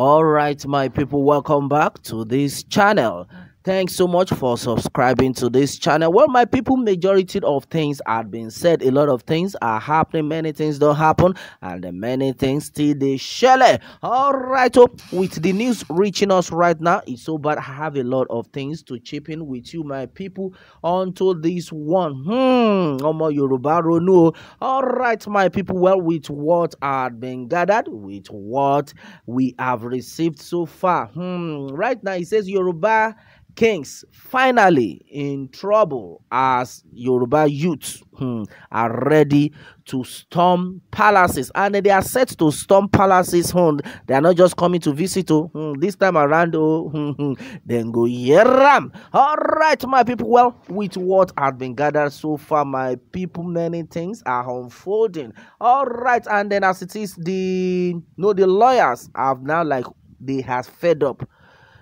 all right my people welcome back to this channel thanks so much for subscribing to this channel well my people majority of things have been said a lot of things are happening many things don't happen and many things still they shell all right up oh, so with the news reaching us right now it's so bad i have a lot of things to chip in with you my people onto this one hmm omo yoruba no all right my people well with what had been gathered with what we have received so far hmm right now it says yoruba Kings finally in trouble as Yoruba youths hmm, are ready to storm palaces. And they are set to storm palaces. Hmm. They are not just coming to visit. Oh, hmm, this time around, oh, hmm, hmm. then go yeram. All right, my people. Well, with what has been gathered so far, my people, many things are unfolding. All right, and then as it is, the you no, know, the lawyers have now like they have fed up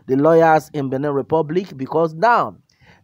the lawyers in Benin Republic because now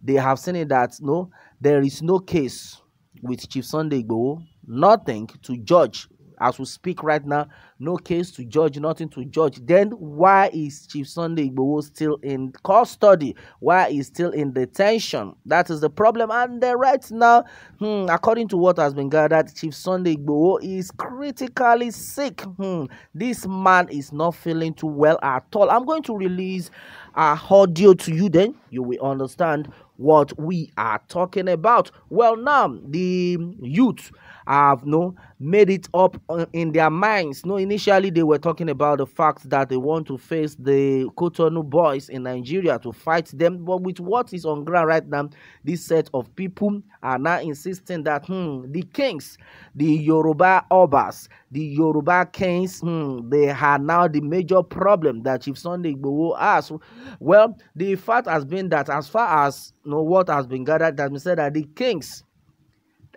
they have seen it that no, there is no case with Chief Sunday Go, nothing to judge as we speak right now. No case to judge, nothing to judge. Then why is Chief Sunday Igbowo still in custody? Why is still in detention? That is the problem. And uh, right now, hmm, according to what has been gathered, Chief Sunday Igbowo is critically sick. Hmm, this man is not feeling too well at all. I'm going to release a audio to you then. You will understand what we are talking about. Well, now, the youth have no made it up uh, in their minds. No, initially they were talking about the fact that they want to face the Kotonu boys in Nigeria to fight them. But with what is on ground right now, this set of people are now insisting that hmm, the kings, the Yoruba Obas, the Yoruba kings, hmm, they are now the major problem that Chief Sunday Igboho has. Well, the fact has been that as far as you know, what has been gathered, that we said that the kings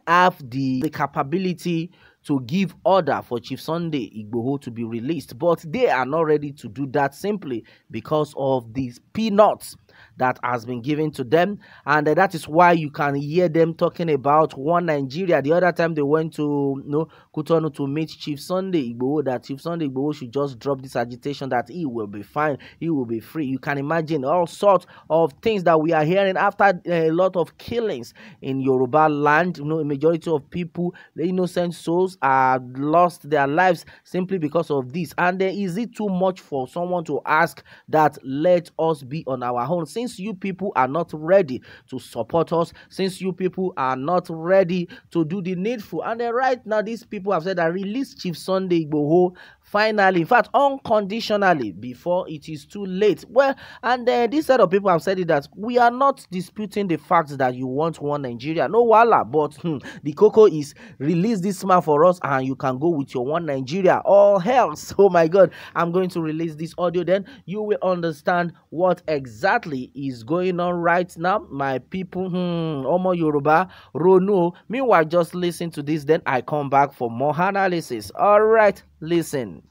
have the, the capability to give order for Chief Sunday Igboho to be released, but they are not ready to do that simply because of these peanuts that has been given to them. And uh, that is why you can hear them talking about one Nigeria. The other time they went to you know, Kutonu to meet Chief Sunday Igboho, that Chief Sunday Igboho should just drop this agitation that he will be fine, he will be free. You can imagine all sorts of things that we are hearing after uh, a lot of killings in Yoruba land. You know, a majority of people, the innocent souls, are lost their lives simply because of this. And uh, is it too much for someone to ask that let us be on our own? Since since you people are not ready to support us, since you people are not ready to do the needful. And then right now, these people have said that release Chief Sunday Igboho finally, in fact, unconditionally before it is too late. Well, and uh, this set of people have said it that we are not disputing the fact that you want one Nigeria. No, wala, but hmm, the cocoa is release this man for us and you can go with your one Nigeria. All hell oh my God, I'm going to release this audio then you will understand what exactly is going on right now. My people, hmm, Omo Yoruba, Ronu. Meanwhile, just listen to this, then I come back for more analysis. All right. listen.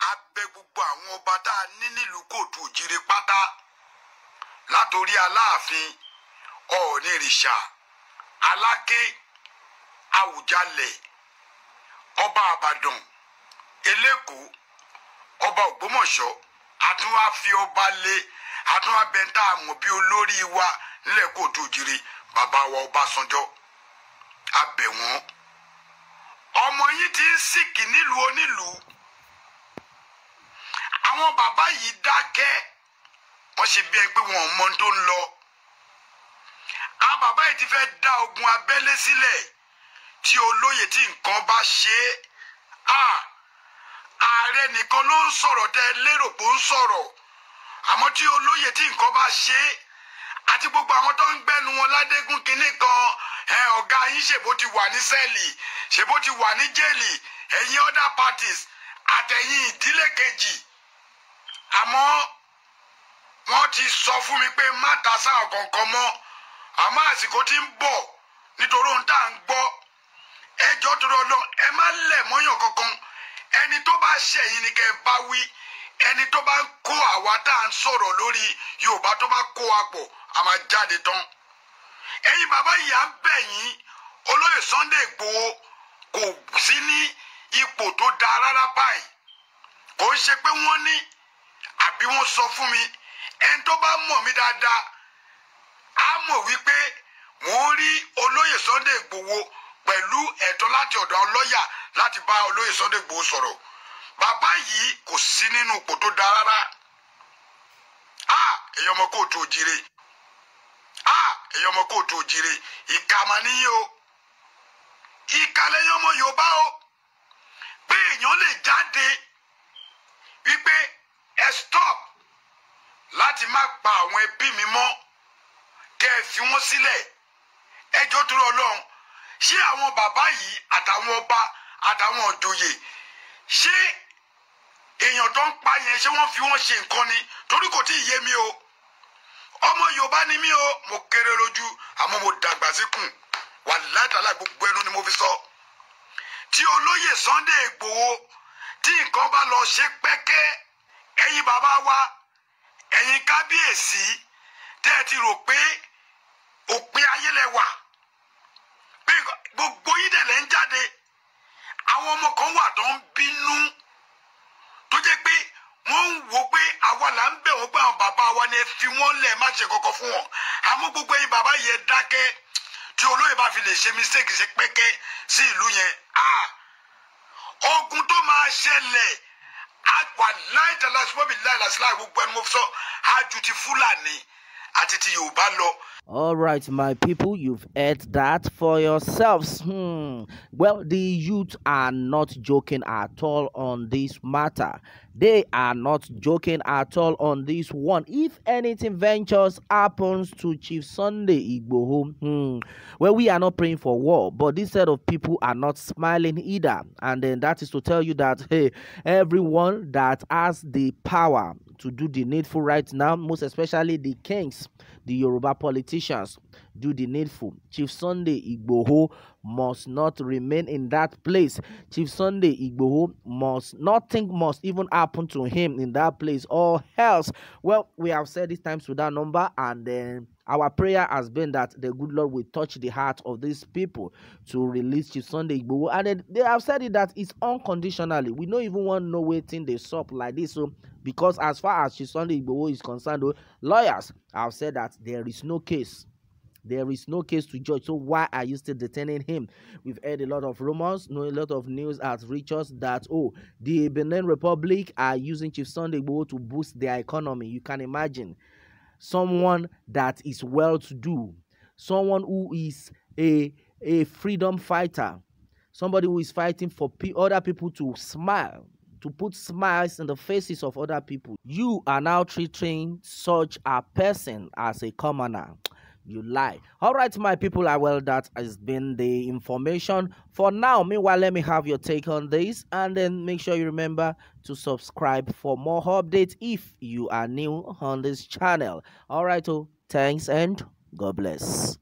a bẹ̀ gbogbo àwọn ọba tá a ní nílùú kòtò òjìrè pátá látòrí aláàfin ọọ̀ni ìrìṣà aláké àwùjalẹ̀ ọba àbàdàn elékòó ọba ògbómọ̀ṣọ́ àtúnwá fi ọba lé àtúnwá bẹńtà àmọ́ bí olórí wa nílẹ̀ kòtò òjìrè bàbá wa ọbásanjọ́ abẹ̀ wọ́n ọmọ yín ti ń sìkì nílùú onílùú àwọn bàbá yìí dákẹ́ wọ́n ṣe bí ẹ pé wọn ò mọ tó ń lọ àwọn bàbá yìí ti fẹ́ da ogun abẹ́lé sílẹ̀ tí olóyè tí nǹkan bá ṣe é ààrẹ nìkan ló ń sọ̀rọ̀ tẹ́ lérò pé ó ń sọ̀rọ̀ àmọ́ tí olóyè tí nǹkan bá ṣe é àti gbogbo àwọn tó ń gbẹnu wọn ládégún kínní kan ọ̀gá yín ṣèbó ti wà ní sẹ́ẹ̀lì ṣèbó ti wà ní jẹ́ẹ̀lì ẹ̀yin other parties àtẹ̀yìn ìdílé kejì àmọ́ wọ́n ti sọ fún mi pé má ta sáwọn kankan mọ́ àmọ́ àsìkò ti ń bọ̀ nítorí ohun tá à ń gbọ́ ẹjọ́ torí ọlọ́run ẹ má lẹ̀ mọ́yàn kankan ẹni tó bá ṣẹ̀yìn ni kẹ́ bá wí ẹni tó bá kó àwa tá à ń sọ̀rọ̀ lórí Yorùbá tó bá kó wa pọ̀ a máa jáde tán ẹ̀yin bàbá ìyá ń bẹ̀ yín olóyè Sunday Igboho kò sí ní ipò tó dáa rárá báyìí kò ń ṣe pé wọ́n ní àbí wọ́n sọ fún mi ẹni tó bá mọ̀ mí dáadáa á mọ̀ wípé mò ń rí olóyè Sunday Igboho pẹ̀lú ẹ̀tọ́ láti ọ̀dọ̀ ọlọ́yà láti bá olóyè Sunday Igboho sọ̀rọ̀ bàbá yìí kò sí nínú ipò tó dáa rárá èèyàn ọmọ kóòtù òjire ẹ̀yin ọmọ kóòtù òjìrè ìka mà níyì o ìka lẹ́yìn ọmọ Yorùbá o pé èèyàn lè jáde wípé ẹ stop láti má pa àwọn ẹbí mi mọ́ kẹ́ ẹ fi wọ́n sílẹ̀ ẹjọ́ dúró Ọlọ́run ṣé àwọn bàbá yìí àtàwọn ọba àtàwọn òjòyè ṣé èèyàn tó ń pa yẹn ṣé wọ́n fi wọ́n ṣe nǹkan ni torí kò tí ì yé mi o ọmọ yorùbá ni mí o mo kéré lójú àmọ́ mo dàgbà síkùn wà ládàlá gbogbo ẹnu ni mo fi sọ tí olóyè Sunday Igboho tí nǹkan bá lọ ṣe pẹ́kẹ́ ẹ̀yin bàbá wa ẹ̀yin kábíyèsí tẹ́ ẹ ti rò pé òpin ayé lẹ pé gbogbo yín dẹ̀ ń jáde àwọn ọmọ kan wà tó ń bínú tó jẹ́ pé wọ́n ń wò pé àwa là ń bẹ̀ wọ́n pé àwọn bàbá wa ni ẹ fi wọ́n lẹ̀ má ṣe kọ́kọ́ fún wọn àmọ́ gbogbo yín bàbá yẹn dákẹ́ tí olóyè bá fi lè ṣe mistake ṣe pẹ́kẹ́ sí ìlú yẹn ogun tó máa ṣẹlẹ̀ àgbà láìtàlásíwọ́bì láìlàsíláì gbogbo ẹni mo sọ àjù ti fúlàní. Yorùbá lọ. All right, my people, you've heard that for yourselves. Hmm. Well, the youth are not joking at all on this matter. They are not joking at all on this one. If anything ventures happens to Chief Sunday Igboho, hmm, well, we are not praying for war, but this set of people are not smiling either. And then that is to tell you that, hey, everyone that has the power to do the needful right now, most especially the kings, the Yoruba politicians, do the needful. Chief Sunday Igboho must not remain in that place. Chief Sunday Igboho must nothing must even happen to him in that place or else. Well, we have said these times without that number and then our prayer has been that the good Lord will touch the heart of these people to release Chief Sunday Igboho. And they have said it that it's unconditionally. We don't even want no waiting they stop like this. So because as far as Chief Sunday Igboho is concerned, oh, lawyers have said that there is no case there is no case to judge. So why are you still detaining him? We've heard a lot of rumors, knowing a lot of news has reached us that oh, the Benin Republic are using Chief Sunday Igboho to boost their economy. You can imagine someone that is well to do, someone who is a, a freedom fighter, somebody who is fighting for pe other people to smile, to put smiles in the faces of other people. You are now treating such a person as a commoner you lie. All right, my people, I well, that has been the information for now. Meanwhile, let me have your take on this and then make sure you remember to subscribe for more updates if you are new on this channel. All right, oh, thanks and God bless.